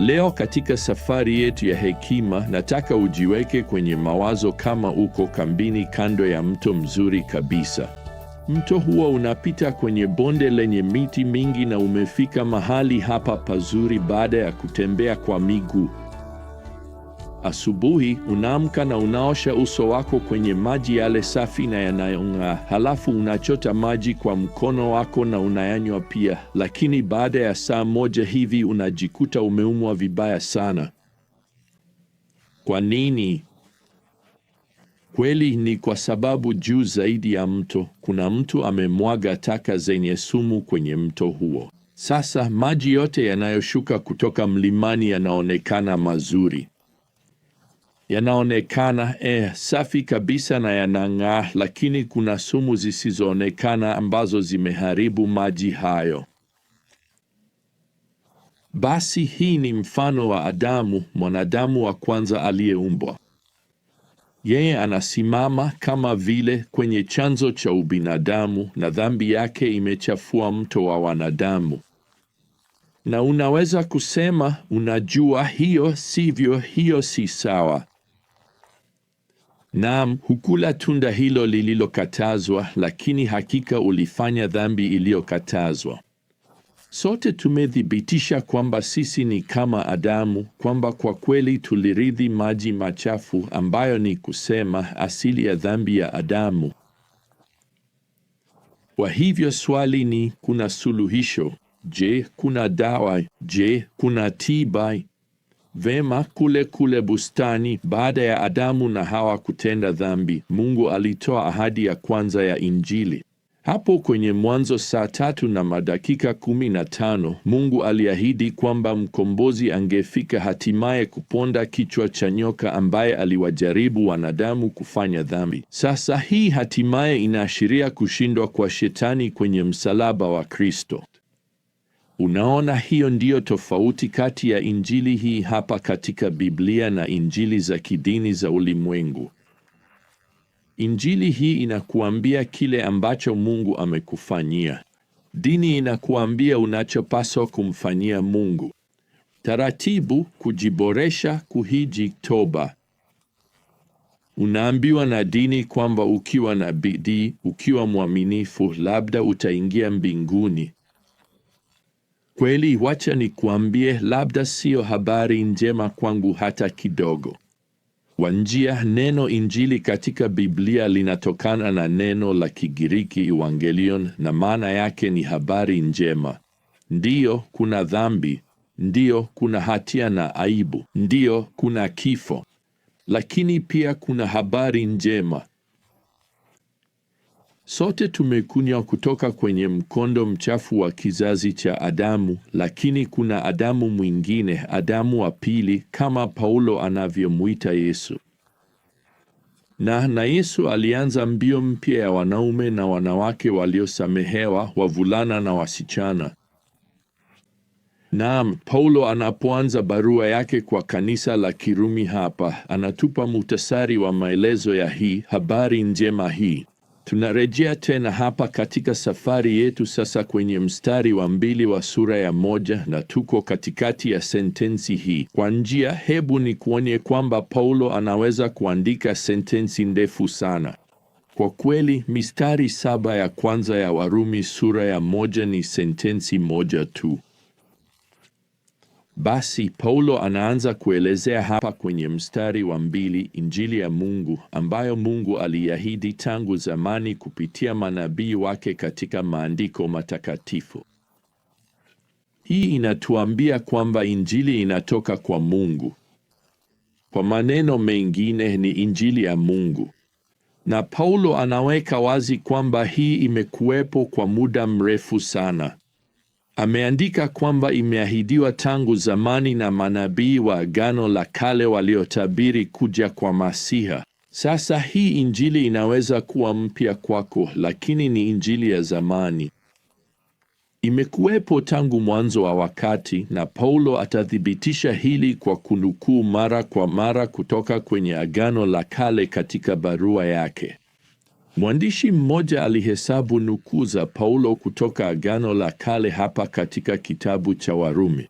Leo katika safari yetu ya hekima, nataka ujiweke kwenye mawazo kama uko kambini kando ya mto mzuri kabisa. Mto huo unapita kwenye bonde lenye miti mingi na umefika mahali hapa pazuri baada ya kutembea kwa miguu. Asubuhi unaamka na unaosha uso wako kwenye maji yale safi na yanayong'aa, halafu unachota maji kwa mkono wako na unayanywa pia, lakini baada ya saa moja hivi unajikuta umeumwa vibaya sana. Kwa nini? Kweli ni kwa sababu juu zaidi ya mto kuna mtu amemwaga taka zenye sumu kwenye mto huo. Sasa maji yote yanayoshuka kutoka mlimani yanaonekana mazuri yanaonekana eh, safi kabisa na yanang'aa, lakini kuna sumu zisizoonekana ambazo zimeharibu maji hayo. Basi hii ni mfano wa Adamu, mwanadamu wa kwanza aliyeumbwa. Yeye anasimama kama vile kwenye chanzo cha ubinadamu, na dhambi yake imechafua mto wa wanadamu. Na unaweza kusema, unajua, hiyo sivyo, hiyo si sawa. Naam, hukula tunda hilo lililokatazwa, lakini hakika ulifanya dhambi iliyokatazwa. Sote tumethibitisha kwamba sisi ni kama Adamu, kwamba kwa kweli tulirithi maji machafu, ambayo ni kusema asili ya dhambi ya Adamu. Kwa hivyo swali ni, kuna suluhisho? Je, kuna dawa? Je, kuna tiba? vema kule kule bustani. Baada ya Adamu na Hawa kutenda dhambi, Mungu alitoa ahadi ya kwanza ya Injili. Hapo kwenye Mwanzo saa tatu na madakika kumi na tano Mungu aliahidi kwamba mkombozi angefika hatimaye kuponda kichwa cha nyoka ambaye aliwajaribu wanadamu kufanya dhambi. Sasa hii hatimaye inaashiria kushindwa kwa shetani kwenye msalaba wa Kristo. Unaona, hiyo ndiyo tofauti kati ya injili hii hapa katika Biblia na injili za kidini za ulimwengu. Injili hii inakuambia kile ambacho Mungu amekufanyia. Dini inakuambia unachopaswa kumfanyia Mungu: taratibu, kujiboresha, kuhiji, toba. Unaambiwa na dini kwamba ukiwa na bidii, ukiwa mwaminifu, labda utaingia mbinguni. Kweli, wacha nikuambie, labda siyo habari njema kwangu hata kidogo. Kwa njia, neno injili katika Biblia linatokana na neno la Kigiriki evangelion, na maana yake ni habari njema. Ndiyo, kuna dhambi, ndiyo, kuna hatia na aibu, ndiyo, kuna kifo, lakini pia kuna habari njema. Sote tumekunywa kutoka kwenye mkondo mchafu wa kizazi cha Adamu, lakini kuna Adamu mwingine, Adamu wa pili, kama Paulo anavyomwita Yesu. Na na Yesu alianza mbio mpya ya wanaume na wanawake waliosamehewa, wavulana na wasichana. Naam, Paulo anapoanza barua yake kwa kanisa la Kirumi hapa, anatupa muhtasari wa maelezo ya hii habari njema hii. Tunarejea tena hapa katika safari yetu sasa kwenye mstari wa mbili wa sura ya moja na tuko katikati ya sentensi hii. Kwa njia, hebu ni kuonye kwamba Paulo anaweza kuandika sentensi ndefu sana. Kwa kweli, mistari saba ya kwanza ya Warumi sura ya moja ni sentensi moja tu. Basi Paulo anaanza kuelezea hapa kwenye mstari wa mbili Injili ya Mungu ambayo Mungu aliahidi tangu zamani kupitia manabii wake katika maandiko matakatifu. Hii inatuambia kwamba Injili inatoka kwa Mungu. Kwa maneno mengine, ni Injili ya Mungu. Na Paulo anaweka wazi kwamba hii imekuwepo kwa muda mrefu sana ameandika kwamba imeahidiwa tangu zamani na manabii wa Agano la Kale waliotabiri kuja kwa Masiha. Sasa hii injili inaweza kuwa mpya kwako, lakini ni injili ya zamani, imekuwepo tangu mwanzo wa wakati, na Paulo atathibitisha hili kwa kunukuu mara kwa mara kutoka kwenye Agano la Kale katika barua yake. Mwandishi mmoja alihesabu nukuu za Paulo kutoka Agano la Kale hapa katika kitabu cha Warumi.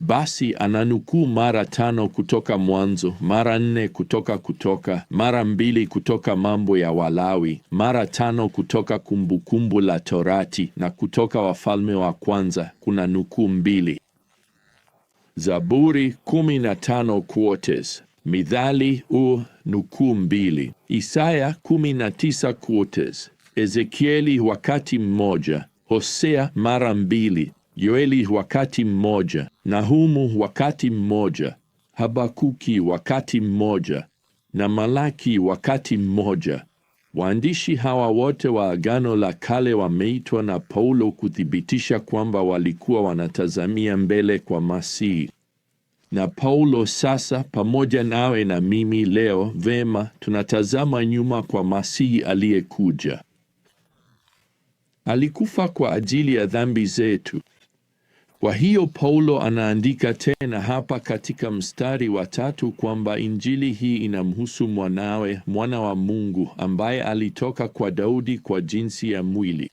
Basi ananukuu mara tano kutoka Mwanzo, mara nne kutoka Kutoka, mara mbili kutoka Mambo ya Walawi, mara tano kutoka Kumbukumbu la Torati, na kutoka Wafalme wa Kwanza kuna nukuu mbili. Zaburi 15 quotes Mithali u nukuu mbili, Isaya kumi na tisa quotes, Ezekieli wakati mmoja, Hosea mara mbili, Yoeli wakati mmoja, Nahumu wakati mmoja, Habakuki wakati mmoja na Malaki wakati mmoja. Waandishi hawa wote wa Agano la Kale wameitwa na Paulo kuthibitisha kwamba walikuwa wanatazamia mbele kwa Masihi na Paulo sasa pamoja nawe na mimi leo. Vema, tunatazama nyuma kwa Masihi aliyekuja. Alikufa kwa ajili ya dhambi zetu. Kwa hiyo Paulo anaandika tena hapa katika mstari wa tatu kwamba injili hii inamhusu mwanawe, mwana wa Mungu ambaye alitoka kwa Daudi kwa jinsi ya mwili.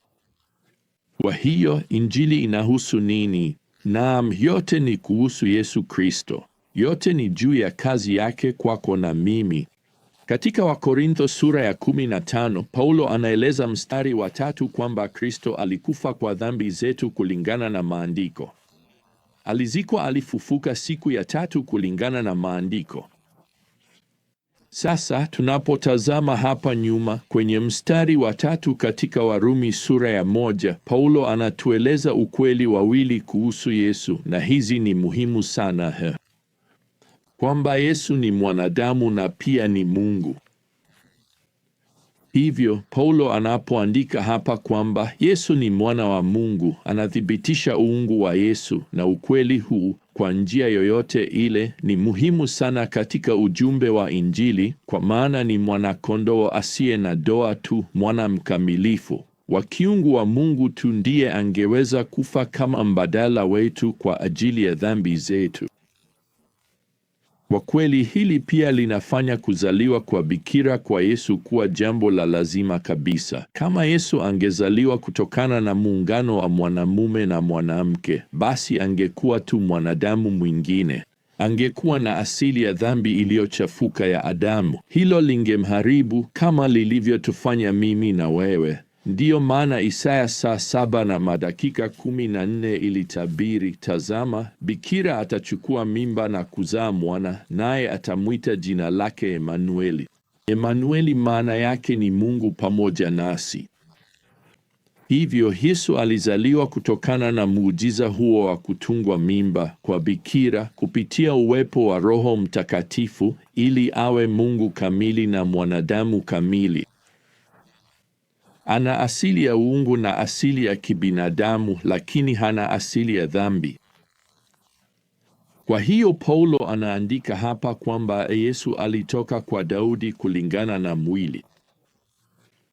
Kwa hiyo injili inahusu nini? Naam, yote ni kuhusu Yesu Kristo. Yote ni juu ya kazi yake kwako na mimi. Katika Wakorintho sura ya 15, Paulo anaeleza mstari wa tatu kwamba Kristo alikufa kwa dhambi zetu kulingana na maandiko. Alizikwa, alifufuka siku ya tatu kulingana na maandiko. Sasa tunapotazama hapa nyuma kwenye mstari wa tatu katika Warumi sura ya moja, Paulo anatueleza ukweli wawili kuhusu Yesu, na hizi ni muhimu sana he, kwamba Yesu ni mwanadamu na pia ni Mungu. Hivyo Paulo anapoandika hapa kwamba Yesu ni mwana wa Mungu, anathibitisha uungu wa Yesu, na ukweli huu kwa njia yoyote ile ni muhimu sana katika ujumbe wa Injili, kwa maana ni mwanakondoo asiye na doa tu, mwana mkamilifu wa kiungu wa Mungu tu ndiye angeweza kufa kama mbadala wetu kwa ajili ya dhambi zetu. Kwa kweli hili pia linafanya kuzaliwa kwa bikira kwa Yesu kuwa jambo la lazima kabisa. Kama Yesu angezaliwa kutokana na muungano wa mwanamume na mwanamke, basi angekuwa tu mwanadamu mwingine. Angekuwa na asili ya dhambi iliyochafuka ya Adamu. Hilo lingemharibu kama lilivyotufanya mimi na wewe. Ndiyo maana Isaya saa saba na madakika kumi na nne ilitabiri, tazama, bikira atachukua mimba na kuzaa mwana, naye atamwita jina lake Emanueli. Emanueli maana yake ni Mungu pamoja nasi. Hivyo Yesu alizaliwa kutokana na muujiza huo wa kutungwa mimba kwa bikira kupitia uwepo wa Roho Mtakatifu ili awe Mungu kamili na mwanadamu kamili. Ana asili ya uungu na asili ya kibinadamu, lakini hana asili ya dhambi. Kwa hiyo Paulo anaandika hapa kwamba Yesu alitoka kwa Daudi kulingana na mwili.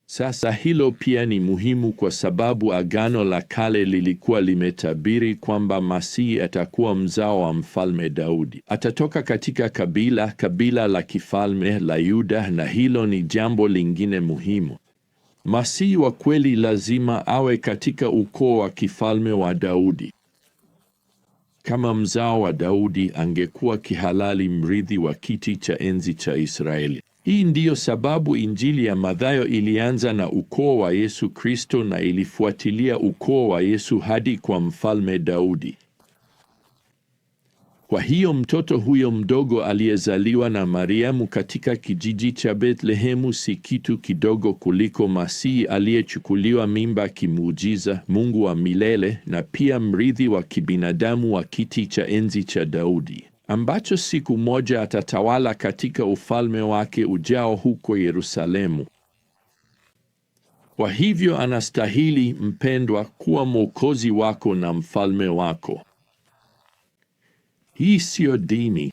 Sasa hilo pia ni muhimu kwa sababu Agano la Kale lilikuwa limetabiri kwamba Masihi atakuwa mzao wa Mfalme Daudi. Atatoka katika kabila kabila la kifalme la Yuda na hilo ni jambo lingine muhimu. Masihi wa kweli lazima awe katika ukoo wa kifalme wa Daudi. Kama mzao wa Daudi, angekuwa kihalali mrithi wa kiti cha enzi cha Israeli. Hii ndiyo sababu Injili ya Mathayo ilianza na ukoo wa Yesu Kristo na ilifuatilia ukoo wa Yesu hadi kwa Mfalme Daudi. Kwa hiyo mtoto huyo mdogo aliyezaliwa na Mariamu katika kijiji cha Bethlehemu si kitu kidogo kuliko Masihi aliyechukuliwa mimba kimuujiza, Mungu wa milele na pia mrithi wa kibinadamu wa kiti cha enzi cha Daudi, ambacho siku moja atatawala katika ufalme wake ujao huko Yerusalemu. Kwa hivyo anastahili, mpendwa, kuwa mwokozi wako na mfalme wako. Hii siyo dini.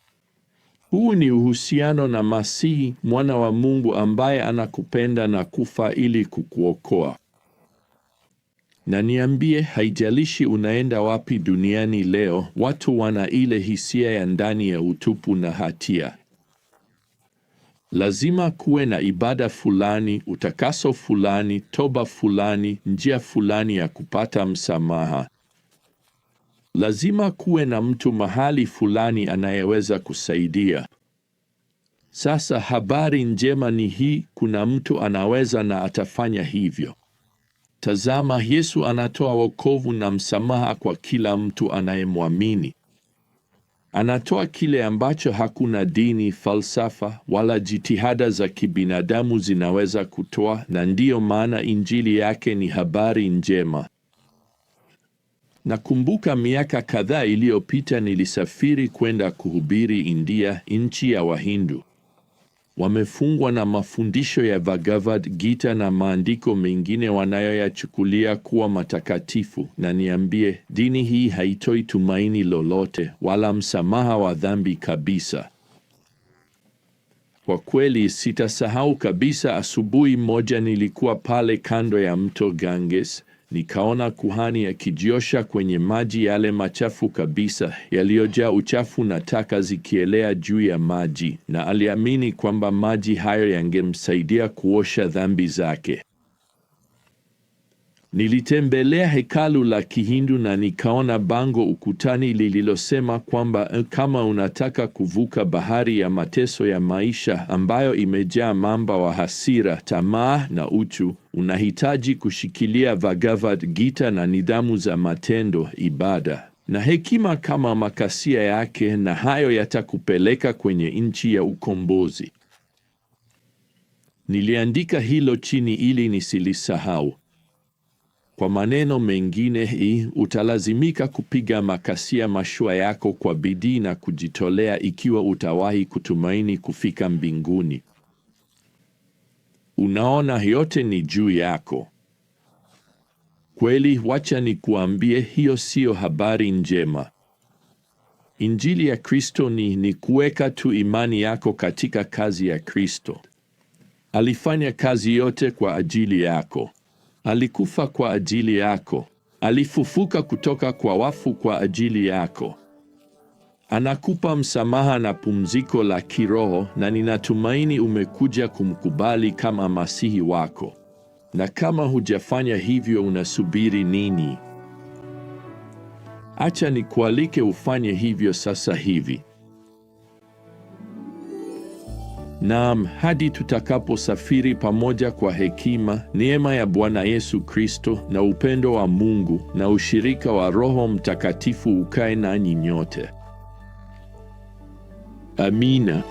Huu ni uhusiano na Masihi mwana wa Mungu ambaye anakupenda na kufa ili kukuokoa. Na niambie, haijalishi unaenda wapi duniani leo, watu wana ile hisia ya ndani ya utupu na hatia. Lazima kuwe na ibada fulani, utakaso fulani, toba fulani, njia fulani ya kupata msamaha lazima kuwe na mtu mahali fulani anayeweza kusaidia. Sasa habari njema ni hii, kuna mtu anaweza na atafanya hivyo. Tazama, Yesu anatoa wokovu na msamaha kwa kila mtu anayemwamini. Anatoa kile ambacho hakuna dini, falsafa wala jitihada za kibinadamu zinaweza kutoa, na ndiyo maana injili yake ni habari njema. Nakumbuka miaka kadhaa iliyopita nilisafiri kwenda kuhubiri India, nchi ya Wahindu. Wamefungwa na mafundisho ya Bhagavad Gita na maandiko mengine wanayoyachukulia kuwa matakatifu, na niambie, dini hii haitoi tumaini lolote wala msamaha wa dhambi kabisa. Kwa kweli sitasahau kabisa, asubuhi moja nilikuwa pale kando ya mto Ganges Nikaona kuhani akijiosha kwenye maji yale machafu kabisa yaliyojaa uchafu na taka zikielea juu ya maji, na aliamini kwamba maji hayo yangemsaidia kuosha dhambi zake. Nilitembelea hekalu la Kihindu na nikaona bango ukutani lililosema kwamba eh, kama unataka kuvuka bahari ya mateso ya maisha ambayo imejaa mamba wa hasira, tamaa na uchu, unahitaji kushikilia Bhagavad Gita na nidhamu za matendo, ibada na hekima kama makasia yake, na hayo yatakupeleka kwenye nchi ya ukombozi. Niliandika hilo chini ili nisilisahau. Kwa maneno mengine, hii utalazimika kupiga makasia mashua yako kwa bidii na kujitolea ikiwa utawahi kutumaini kufika mbinguni. Unaona, yote ni juu yako. Kweli, wacha nikuambie, hiyo siyo habari njema. Injili ya Kristo ni ni kuweka tu imani yako katika kazi ya Kristo. Alifanya kazi yote kwa ajili yako. Alikufa kwa ajili yako. Alifufuka kutoka kwa wafu kwa ajili yako. Anakupa msamaha na pumziko la kiroho, na ninatumaini umekuja kumkubali kama masihi wako. Na kama hujafanya hivyo, unasubiri nini? Acha nikualike ufanye hivyo sasa hivi. Naam, hadi tutakaposafiri pamoja kwa hekima, neema ya Bwana Yesu Kristo na upendo wa Mungu na ushirika wa Roho Mtakatifu ukae nanyi nyote. Amina.